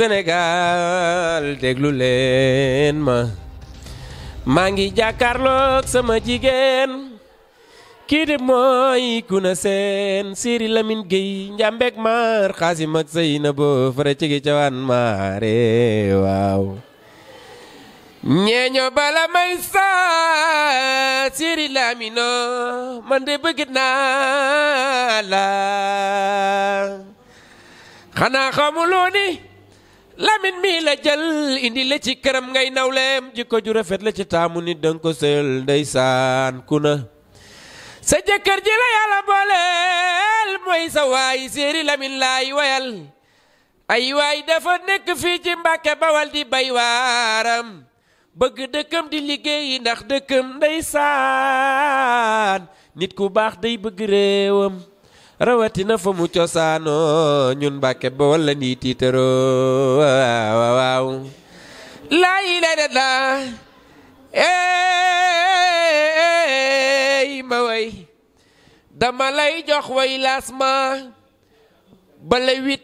Sénégal déglu leen ma maa ngi jàkkaarloog sama jigéen kii de mooy Seen Siri Lamine Gueye Njambek Mar Xaasim ak Seynabou fara cigi cawaan maare waaw ñeeño bala may saa Siri Lamino man de bëgg naa la xanaa xamuloo lamin mila la jël indi la ci kërëm ngay nawleem jikko ju rafet la ci taamu nit danga ko ndeysaan kuna sa jëkkër ji la yàlla booleel mooy sa waay séeri lamin laay wayal ay waay dafa nekk fii ci mbàkke bawal di bay waaram bëgg dëkkam di liggéeyi ndax dëkkam ndeysaan nit ku baax day bëgg réewam rawatina fa mu cosaanoo ñun Mbàkke Bawol la nii tiitaroo waaw waaw laa ilaaha illallaah eey ma way dama lay jox way laas bale huit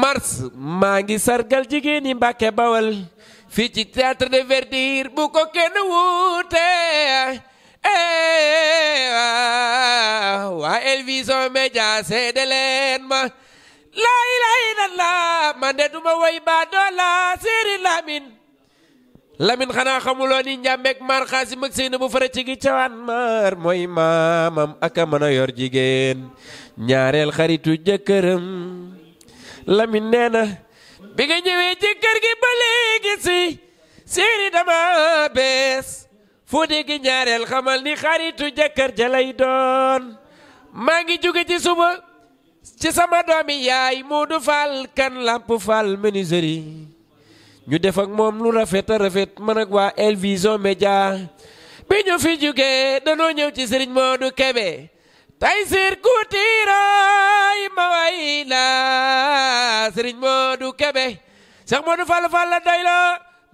mars maa ngi sargal jigéen yi Mbàkke Bawol fii ci théâtre de verdure bu ko kenn wuute Eh, waa El Vision Médias seede leen ma laa ilaaha illallaah man de duma woy baa doola Sëriñ Lamin Lamin xanaa xamuloo ni njàmbeek mar xaasim ak seen bu fara ci gi cawaan mar mooy maamam ak a mën a yor jigéen ñaareel xaritu jëkkëram Lamin nee na bi nga ñëwee ci kër gi ba léegi si dama bees fuuti gi ñaareel xamal ni xaritu jëkkër ja lay doon maa ngi jóge ci suba ci sama doomi yaay Moodu Fall kan làmp Fall menuiserie ñu def ak moom lu rafet a rafet man waa El Vision Média bi ñu fi jógee danoo ñëw ci sëriñ du Kebe tay sir kuutiiraay ma way la sëriñ Moodu Kebe Seex Moodu Fall Fall la doy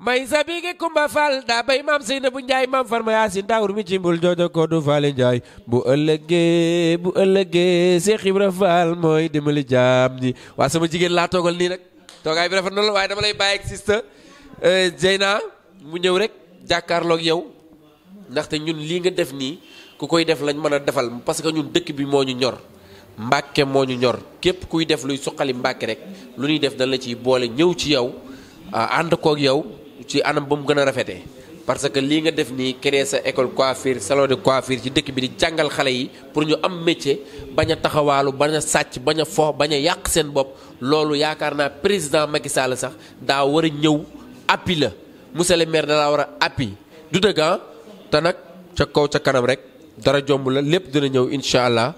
may sabigi kumba faal daa bay maam seyna bu njaay maam farma yaasin daawur mi cimbul joojo ko du faali njaay bu ëllëgee bu ëllëgee Seex Ibra Faal mooy dimbali jaam ñi waa sama jigéen laa toogal nii nag toogaay bi rafet na la waaye dama lay bàyyi ak sista Zeyna euh, mu ñëw rek jàkkaarloog yow ndaxte ñun lii nga def nii ku koy def lañ mën a defal parce que ñun dëkk bi moo ñu ñor mbàkke moo ñu ñor képp kuy def luy suqali mbàkke rek lu ñuy def dañ la ciy boole ñëw ci yow ah, ànd koog yow ci anam ba mu gën a rafetee parce que lii nga def nii créer sa école coiffure salon de coiffure ci dëkk bi di jàngal xale yi pour ñu am métier bañ a taxawaalu bañ a sàcc bañ a fo bañ a yàq seen bopp loolu yaakaar naa président Macky Sall sax daa war a ñëw appui la monsieur le maire dalaa war a appui du dëgg ah, te nag ca kaw ca kanam rek dara jomb la lépp dina ñëw incha allah.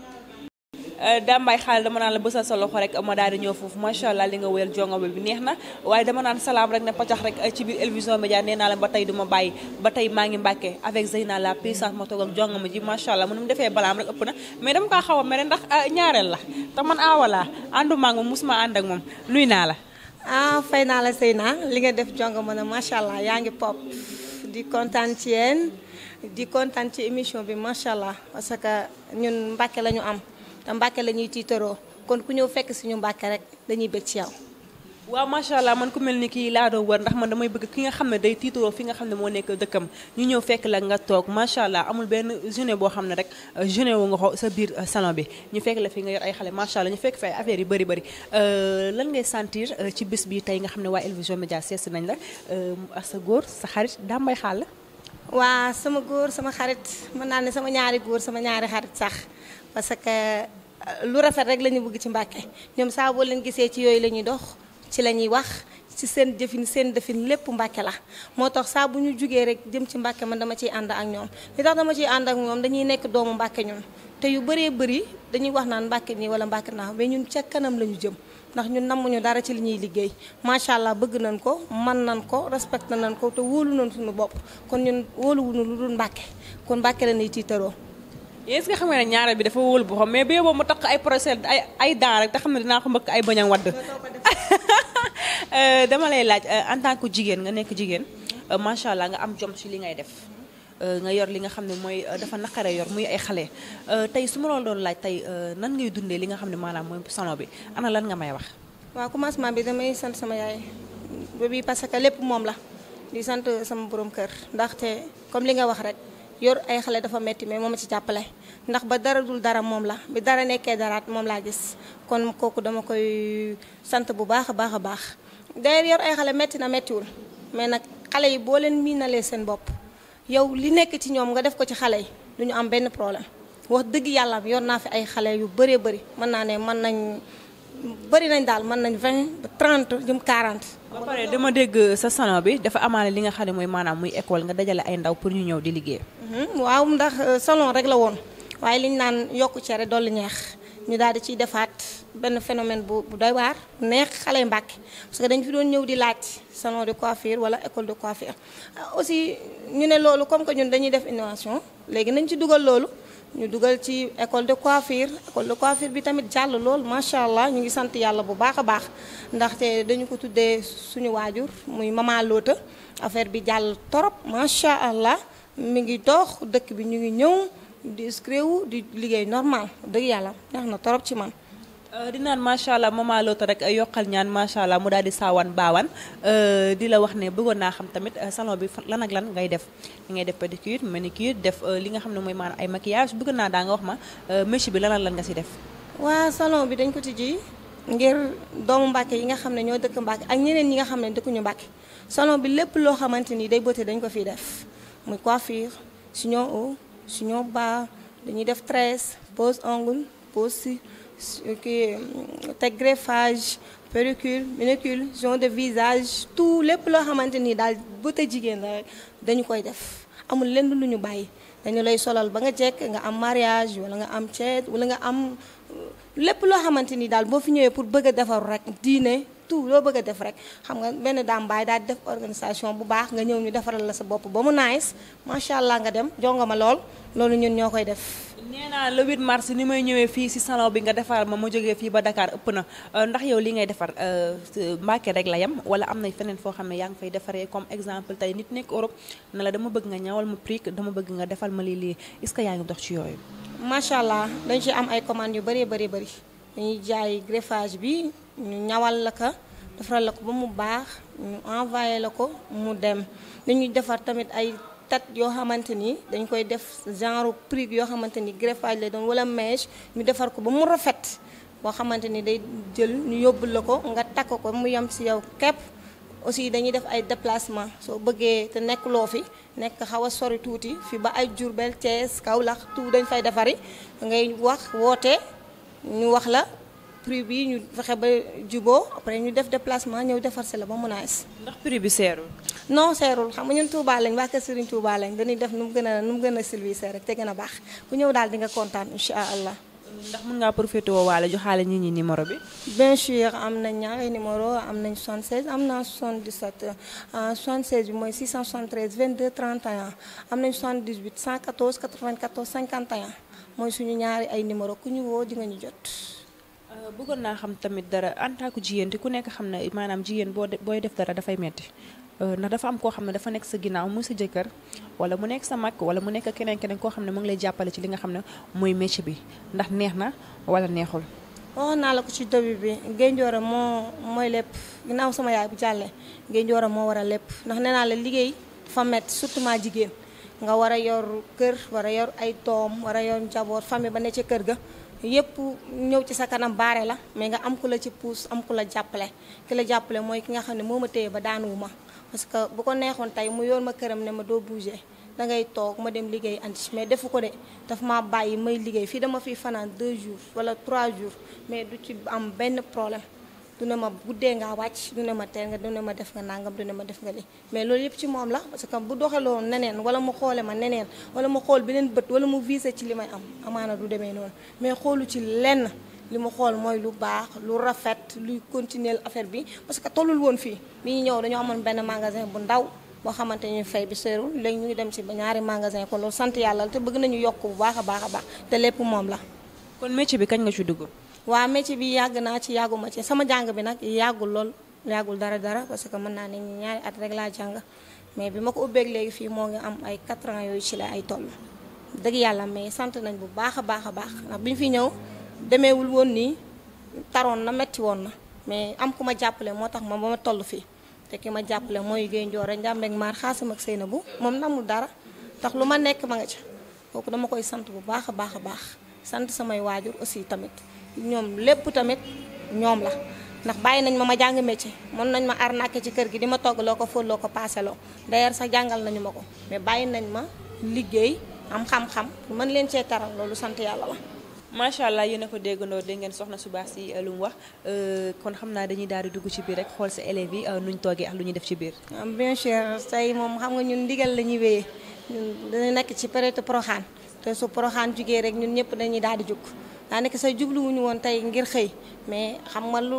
Eh, Dame Mbaye xaal dama nan la beusa solo loxo rek mo daal ñoo fofu foofu allah li nga wéyal jongo bi neexna na dama nan salam rek ne patax rek eh, ci bi elvision media neena la ba tay duma ma ba tay ma ngi mbacke avec Zeyna la puissance ma toog ak jongo ma ji macha allah mu num defé balam rek ëpp mais dama ka xawa a mere ndax eh, ñaarel la ta man awala andu maa ngi musuma ak mom nuy na la ah fay naa la Zeyna li nga def jongo ma allah ngi pop di kontaan ci di contente ci émission bi macha allah parce que ñun mbacke lañu am te Mbàkke la ñuy tiitaroo kon ku ñëw fekk ñu Mbàkke rek dañuy bëgg ci yaw waaw macha allah man ko mel ni kii laa doon war ndax man damay bëgg ki nga xam ne day tiitaroo fi nga xam ne moo nekk dëkkam ñu ñëw fekk la nga toog macha allah amul benn journée boo xam ne rek euh, journée wu nga ko sa biir euh, salon bi ñu fekk la nga ay xale macha allah ñu fekk fi ay affaires yu bëri bëri euh, lan ngay sentir ci bés bi tey nga xam ne waa El média sees nañ la sa góor sa xarit dambay xaal la. waa sama góor sama xarit mën naa ne sama ñaari góor sama ñaari xarit sax parce que euh, lu rafet rek la ñu bëgg ci Mbàkke ñoom saaboo leen gisee ci yooyu la ñuy dox ci la ñuy wax ci seen jëfin seen defin lépp Mbàkke la moo tax saa bu ñu jugee rek jëm ci Mbàkke man dama ciy ànd ak ñoom li tax dama ciy ànd ak ñoom dañuy nekk doomu Mbàkke ñun te yu bëree bëri dañuy wax naan Mbàkke nii wala Mbàkke naa mais ñun ca kanam la ñu jëm ndax ñun nammuñu dara ci li ñuy liggéey macha allah bëgg nañ ko man nañ ko respecté nañ ko te wóolu nañ suñu bopp kon ñun wóoluwuñu lu dul Mbàkke kon Mbàkke la ñuy tiitaroo est-ce que xam nga ne ñaareel bi dafa wóol boppam mais ba yóbboo mu takk ay procès ay ay daan rek te xam ne dinaa ko mbëkk ay bañam wadd dama lay laaj euh, en tant jigéen nga nekk jigéen euh, macha allah nga am jom ci li ngay def euh, nga yor li nga xam ne mooy dafa naqaree yor muy ay xale tey su ma loolu doon laaj tey nan ngay dundee li nga xam ne maanaam mooy salon bi ana lan nga may wax waa waaw commencement bi damay sant sama yaay ba bi parce que lépp moom la di sant sama borom kër ndaxte comme li nga wax rek yor ay xale dafa metti mais moom a ci jàppale ndax ba dara dul dara moom la bi dara nekkee daraat moom laa gis kon kooku dama koy sant bu baax a baax a baax d'ailleurs yor ay xale metti na mettiwul mais nag xale yi boo leen miinalee seen bopp yow li nekk ci ñoom nga def ko ci xale yi du ñu am benn problème wax dëgg yàlla yor naa fi ay xale yu bëree bëri mën naa ne mën nañ bari nañ daal man nañ vingt ba trente jëm quarante. ba pare dama dégg sa salon bi dafa amaale li nga xam ne mooy maanaam muy école nga dajale ay ndaw pour ñu ñëw di liggéey. Mhm, waaw ndax euh, salon rek la woon waaye liñ naan yokku cere dolli ñeex ñu daal di ciy defaat benn phénomène bu bu doy neex xale Mbàkke parce que dañ fi doon ñëw di laaj salon de coiffure wala école de coiffure. Ah, aussi ñu ne loolu comme que ñun dañuy def innovation léegi nañ ci dugal loolu. ñu dugal ci école de coiffure école de coiffure bi tamit jàll lool macha allah ñu ngi sant yàlla bu baax a baax ndaxte dañu ko tuddee suñu waajur muy mama Loota affaire bi jàll torop macha allah mi ngi dox dëkk bi ñu ngi ñëw di di liggéey normal dëgg yàlla neex na torop ci man. Eh, di naan macha allah mama loota rek eh, yokkal ñaan macha allah mu daldi di bawan euh di la wax ne bëggoon na xam tamit eh, salon bi lan ak lan ngay def ngay def pedicure manicure def li nga xam ne mooy maanaam ay maquillage bëgg na da nga wax ma mèche bi lan lan nga si def. wa salon bi dañ ko tiji ngir doomu mbacke yi nga xam ne ñoo dëkk mbacke ak ñeneen yi nga xam ne ñu mbacke salon bi lepp lo xamanteni day beauté dañ ko fi def muy coiffure chignon haut chignon bas dañuy def tresse pose ongle pose Euh, que euh, teg greffage pellicule manucure genre de visage tout le loo xamante ni daal bu te jigéen la rek dañu koy def amul lenn lu ñu bàyyi lay solal ba nga nga am mariage wala nga am chat, wala nga am euh, lépp loo xamante ni daal boo fi ñëwee pour bëgg a defaru rek tout le bëgg a def rek xam nga ben daam baay daal def organisation bu baax nga ñëw ñu defaral la sa bopp ba nice macha allah nga dem jonga ma lool loolu ñun ñoo def. nee le 8 mars ni may ñëwé fi ci salon bi nga défar ma mu joggé fi ba Dakar ëpp na euh, ndax yow li ngay euh Mbacké rek la yam wala amna fenen fo xamné xam fay défaré comme exemple tay nit nek Europe na la dama bëgg nga ñawal mu prix dama bëgg nga defal ma li li est-ce que yaa dox ci yooyu. macha allah dañ ci am ay commande yu bari bari bari dañuy jaay greffage bi ñu ñawal la ka defaral la ko ba mu baax ñu envoyer la ko mu dem dañuy defar tamit ay. tat yoo xamante ni dañ koy def genre prix yoo xamante ni greffage lay doon wala mèche ñu defar ko ba mu rafet boo xamante ni day jël ñu yóbbu la ko nga takk ko mu yem si yow képp aussi dañuy def ay déplacement soo bëggee te nekk loo fi nekk xaw a sori tuuti fi ba ay Diourbel Thiès Kaolack tout dañ fay defari ngay wax woote ñu wax la prix bi ñu fexe ba juboo après ñu def déplacement ñëw defar si la ba mu naas. ndax prix bi seerul. non seerul xam nga ñun Touba lañ waa Kër Serigne Touba lañ dañuy def nu mu gën a nu mu gën a service rek te gën a baax ku ñëw daal di nga kontaan incha allah. ndax mën ngaa profité woo waale joxaale nit ñi numéro bi. bien sûr am nañ ñaari numéro am nañ 76 am naa 77 76 bi mooy 673 22 31 am na 78 114 94 51 mooy suñu ñaari ay numéro ku ñu woo di nga ñu jot. Euh, bëggoon naa xam tamit dara en tant que jigéen te ku nekk xam na maanaam jigéen boo booy def dara dafay metti euh, ndax dafa am koo xam ne dafa nekk sa ginnaaw muy sa jëkkër wala mu nekk sa mag wala mu nekk keneen keneen koo xam ne mu ngi lay jàppale ci li nga xam ne mooy métier bi ndax neex na wala neexul. waxoon naa la ko ci début bi Génjoora moo mooy lépp ginnaaw sama yaay bu jàllee Génjoora moo war a lépp ndax nee naa la liggéey dafa metti surtout maa jigéen nga war a yor kër war a yor ay doom war a yor njaboot famille ba ne ci kër ga. yëpp ñëw ci sa kanam baare la mais nga am ku la ci puus am ku la jàppale ki la jàppale mooy ki nga xam ne moo ma téye ba daanuwu ma parce que bu ko neexoon tey mu yoon ma këram ne ma doo bouger dangay toog ma dem liggéey andi mais defu ko de dafa ma bàyyi may liggéey fii dama fi fanaan deux jours wala trois jours mais du ci am benn problème du ne ma guddee ngaa wàcc du ne ma teel nga du ma def nga nàngam du ne ma def nga li mais loolu yëpp ci moom la parce que bu doxaloon neneen wala mu xoole ma neneen wala mu xool beneen bët wala mu visé ci li may am amaana du demee noonu mais xoolu ci lenn li mu xool mooy lu baax lu rafet luy continuer affaire bi parce que tollul woon fii bi ñu ñëw dañoo amoon benn magasin bu ndaw moo xamante ñu fay bi seerul léegi ñu dem ci ba ñaari magasin kon sant yàlla te bëgg nañu yokk bu a baax a baax te lépp moom la. kon métier bi kañ nga ci dugg. waa métier bi yàgg naa ci yàgguma ci sama jàng bi nag yàggul lool yàggul dara dara parce que mën naa ne ñaari at rek laa jàng mais bi ma ko ubbeeg léegi fii moo ngi am ay 4 yooyu ci la ay toll dëgg yàlla mais sant nañ bu baax a baax a baax bi ñu fi ñëw demeewul woon nii taroon na metti woon na mais am ku ma jàppale moo tax ma ba toll fii te ma jàppale mooy Guèye Ndiora Ndiambeg maar xaasam ak Seynabou moom namul dara tax lu ma nekk ma nga ca kooku koy sant bu baax a baax a baax sant samay waajur aussi tamit ñoom lépp tamit ñoom la ndax bàyyi nañ ma ma jàng métier mën nañ ma ar arnaqué ci kër gi di ma loo ko fóotloo ko loo d'ailleurs sa jàngal nañu ma ko mais bàyyi nañ ma liggéey am xam-xam mën leen cee taral loolu sant yàlla la. macha allah yéen a ko déggandoo dégg ngeen soxna su baax si euh, lu mu wax euh, kon xam naa dañuy daal di dugg ci biir rek xool sa élèves yi euh, nuñ toogee ak lu ñuy def ci biir. Ah, bien cher tey moom xam nga ñun ndigal la ñuy wéyee ñun dañu nekk ci période proxaan te su proxaan jugee rek ñun ñëpp dañuy daal di jóg. daanaka sa jubluwuñu woon tey ngir xëy mais xam nga lu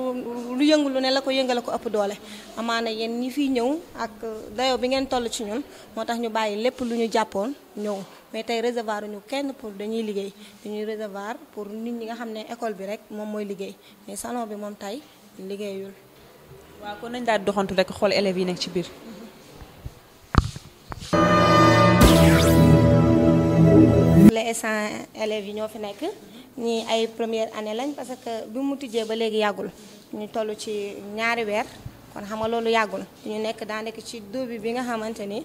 lu yëngu lu ne la ko yëngale ko ëpp doole amaana yéen ñi fiy ñëw ak dayoo bi ngeen toll ci ñun moo tax ñu bàyyi lépp lu ñu jàppoon ñëw mais tey réservoir ñu kenn pour dañuy liggéey dañuy réservoir pour nit ñi nga xam ne école bi rek moom mooy liggéey mais salon bi moom tey liggéeyul. waaw kon nañ daal doxantu rekk xool élèves yi nekk ci biir. les élèves yi ñoo fi nekk. ñii ay première année lañ parce que bi mu tijjee ba léegi yàggul ñu toll ci ñaari weer kon xam nga loolu yàggul ñu nekk daa nekk ci début bi nga xamante ni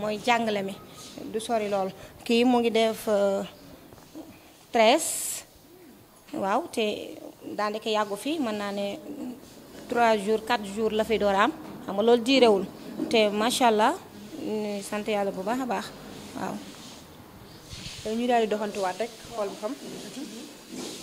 mooy jàngale mi du sori lool kii mu ngi def euh, treize waaw te daa nekk yàggu fii mën naa ne trois jours quatre jour la fi door am xam nga loolu diirewul te macha allah sant yàlla bu baax a baax waaw. ñu daal di doxantuwaat rek xool bu xam.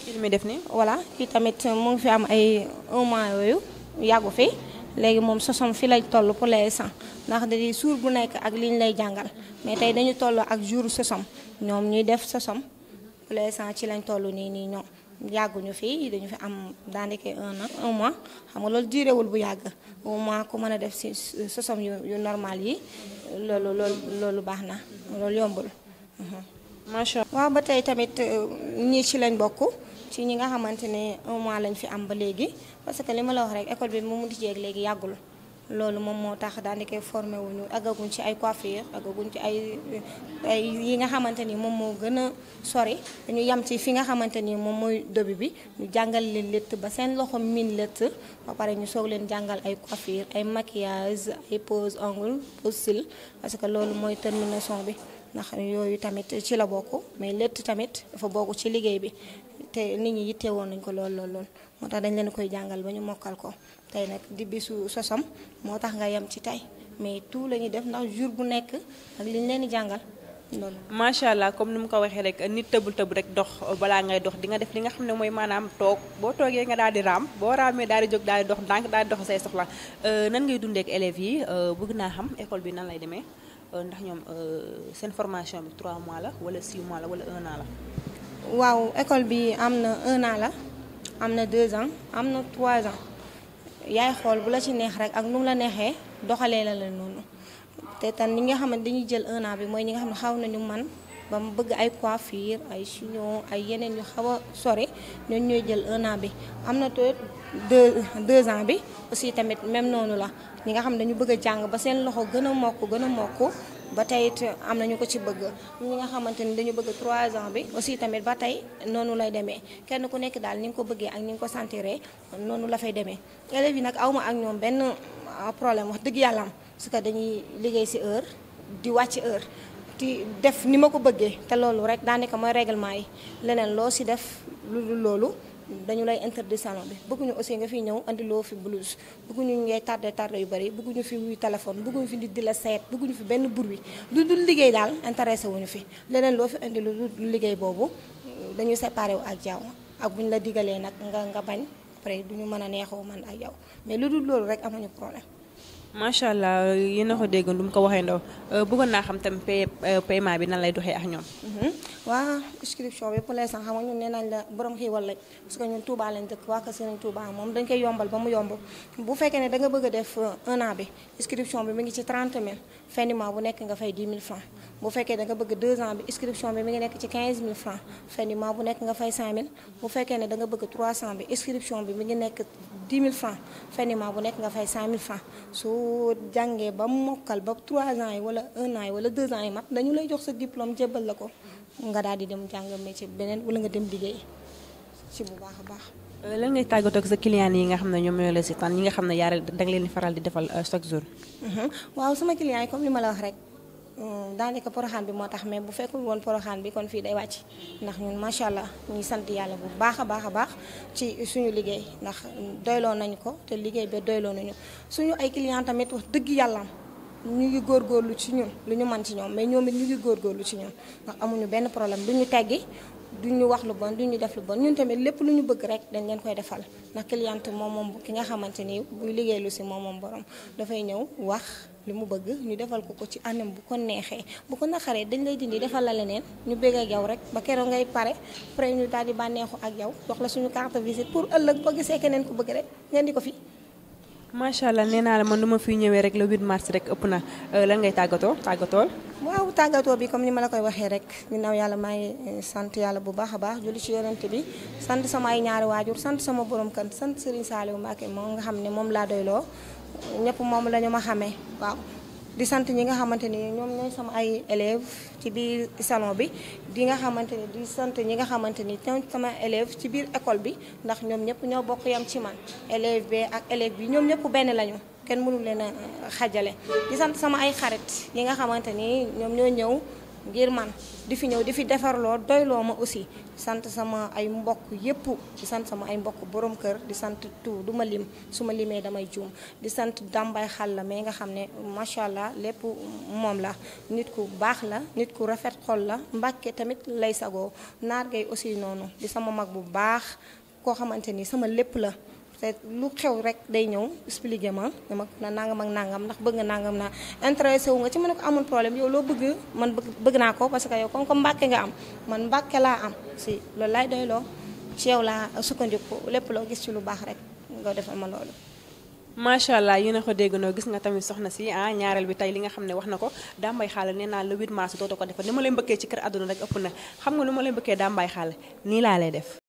kii mi def ni voilà kii tamit mu ngi fi am ay un mois yooyu yàggu fi léegi moom sosom fi lay toll pour l'instant ndax dañuy suur bu nekk ak liñ lay jàngal mais tey dañu tolloo ak jour sosom ñoom ñuy def sosom pour l'instant ci lañ toll nii nii ñoom yàgguñu fi dañu fi am daanaka un an un mois xam nga loolu diiréwul bu yàgg au moins ku mën a def si sosom yu yu normal yi loolu loolu baax na loolu yombul. Mhm. macha allah waaw ba tey tamit euh, ñii ci lañ bokk ci ñi nga xamante ne un mois lañ fi am ba léegi parce que li ma la wax rek école bi mu mujjee ak léegi yàggul loolu moom moo tax daanaka formé wuñu agaguñ ci ay coiffure agaguñ ci ay yi nga xamante ni moom moo gën a sori dañu yam ci fi nga xamante ni moom mooy début bi ñu jàngal leen létt ba seen loxo miin létt ba pare ñu soog leen jàngal ay coiffure ay maquillage ay pose ongle pose parce que loolu mooy terminaison bi. ndax yooyu tamit ci la bokk mais létt tamit dafa bokk ci liggéey bi te nit ñi yitte woon nañ ko lool lool lool moo tax dañ leen koy jàngal ba ñu mokkal ko tey nag di bisu sosam moo tax nga yem ci tey mais tout la ñuy def ndax jour bu nekk ak li ñu leen di jàngal loolu. macha allah comme ni mu ko waxee rek nit tëbul tëb rek dox balaa ngay dox di nga def li nga xam ne mooy maanaam toog boo toogee nga daal di raam boo raamee daal di jóg daal di dox ndànk daal di dox say soxla euh, nan ngay dundeek élèves yi euh, bëgg naa xam école bi nan lay demee. ndax ñoom seen formation bi 3 mois la wala 6 mois la wala 1 an la. waaw école bi am na 1 an la am na 2 ans am na 3 ans yaay xool bu la ci neex rek ak nu la neexee doxalee la la noonu te tan ñi nga xam dañuy jël 1 an bi mooy ñi nga xam ne xaw nañu man ba mu bëgg ay coiffure ay chignon ay yeneen yu xaw a sori ñoo ñooy jël 1 an bi am na tamit deux deux ans bi aussi tamit même noonu la ñi nga xam ne dañu bëgg jàng ba seen loxo gën a mokk gën a mokk ba tey it am nañu ko ci bëgg ñi nga xamante ni dañu bëgg trois ans bi aussi tamit ba tey noonu lay demee kenn ku nekk daal ni nga ko bëggee ak ni nga ko sentiree noonu la fay demee élèves yi nag awma ak ñoom benn euh, problème wax dëgg yàlla am parce que dañuy liggéey si heure di wàcc heure di def ni ma ko bëggee te loolu rek daanaka mooy réglement yi leneen loo si def lu loolu dañu lay interdit bi bëgguñu aussi nga fiy ñëw andi loo fi blouse bëgguñu ngay tardé tardé yu bëri bëgguñu fi wuy téléphone bëgguñu fi nit di la seet bëgguñu fi benn bruit lu dul liggéey daal intéressé wuñu fi leneen loo fi indi lu dul liggéey boobu dañuy séparé wu ak jaww ak bu ñu la digalee nag nga nga bañ après ñu mën a neexoo man ak yow mais lu dul loolu rek amuñu problème macha allah yéen a ko déggoon du mu ko waxee ndaw euh, bëggoon naa xam tam pay euh, paiement bi nan lay doxee ak ñoom. Mhm. waa inscription bi pour l'instant xam nga ñun nee nañ la borom xiiwal lañ parce que ñun Touba lañ dëkk waa Kër Serigne moom dañ koy yombal ba mu yomb bu fekkee ne da nga bëgg a def euh, un an bi ngi ci 30 000 fin du bu nekk nga fay 10 000 francs bu fekkee da nga bëgg deux ans bi inscription bi mi ngi nekk ci 15 000 francs fin du bu nekk nga fay 5 000 bu fekkee ne danga nga bëgg 300 bi inscription bi mi ngi nekk 10 000 francs fin bu nekk nga fay 5 boo jàngee ba mokkal ba 3 ans yi wala 1 an yi wala 2 ans yi mat dañu lay jox sa diplôme jébbal la ko nga daal di dem jàng métier beneen wala nga dem liggéey ci bu baax a baax. Euh, lan ngay tàggatoo ak sa client yi nga xam ne ñoom ñoo la si tànn ñi nga xam ne yaa da leen di faral di defal euh, chaque jour. Mhm. waaw sama client yi comme li ma la wax rek. Mm, daanaka poroxaan bi moo tax mais bu fekkul woon poroxaan bi kon fii day wàcc ndax ñun macha allah ñuy sant yàlla bu baax a baax a baax ci suñu liggéey ndax doyloo nañu ko te liggéey ba doyloo nañu suñu ay client tamit wax dëgg yàlla ñu ngi góorgóorlu ci ñun lu ñu man ci ñoom mais ñoom it ñu ngi góorlu ci ñun ndax amuñu benn problème du ñu teggi du ñu wax lu bon du ñu def lu bon ñun tamit lépp lu ñu bëgg rek dañ leen koy defal ndax client moom moom ki nga xamante ni buy liggéey si moom moom borom dafay ñëw li mu bëgg ñu defal ko ko ci anam bu ko neexee bu ko naqaree dañ lay dindi defal la leneen ñu bëgg ak yow rek ba keroog ngay pare après ñu di bànneexu ak yow jox la suñu carte visite pour ëllëg boo gisee keneen ko bëgg rek ngeen di ko fi. macha allah nee naa la man du ma fiy ñëwee rek le 8 mars rek ëpp na euh, lan ngay tàggatoo tàggatool. waaw tàggatoo bi comme ni ma la koy waxee rek ginnaaw yàlla maa ngi euh, sant yàlla bu baax a baax julli ci yonent bi sant sama ñaari waajur sant sama borom kan sant Serigne Saliou Mbacké moom nga xam ne moom laa doyloo ñepp mom lañu ma xamé waaw di sant ñi nga xamanteni ñom ñoy sama ay élève ci biir salon bi di nga xamanteni di sant ñi nga xamanteni sama élève ci biir école bi ndax ñom ñepp ño bokk yam ci man élève bi ak élève bi ñom ñepp ben lañu kenn mënu leena xajalé eh, di sant sama ay xarit yi nga xamanteni ñom ño ñew ngir man di fi ñëw di fi defarloo doyloo ma aussi sant sama ay mbokk yépp ci sant sama ay mbokk borom kër di sant tout du ma lim su ma limee damay juum di sant dàmbay xal la mais nga xam ne macha allah lépp moom la nit ku baax la nit ku rafet xol la mbàkke tamit lay sagoo naar gay aussi noonu di sama mag bu baax koo xamante ni sama lépp la fait lu xew rek day ñew expliquer ma dama na nangam ak nangam ndax bëgg nangam na intéressé wu nga ci ma ko amul problème yow lo bëgg man bëgg na ko parce que yow kon ko mbacké nga am man mbacké la am si lo lay doy lo, ci yow laa sukkandiku lepp lo gis ci lu bax rek nga defal ma loolu macha allah a ko no gis nga tamit soxna si ah ñaaral bi tay li nga xamne wax na ko dambay xaale nee naa le 8 mars to ko defal ni ma lay mbeuke ci kër aduna rek ëpp na xam nga lu ma lay dambay xal ni la lay def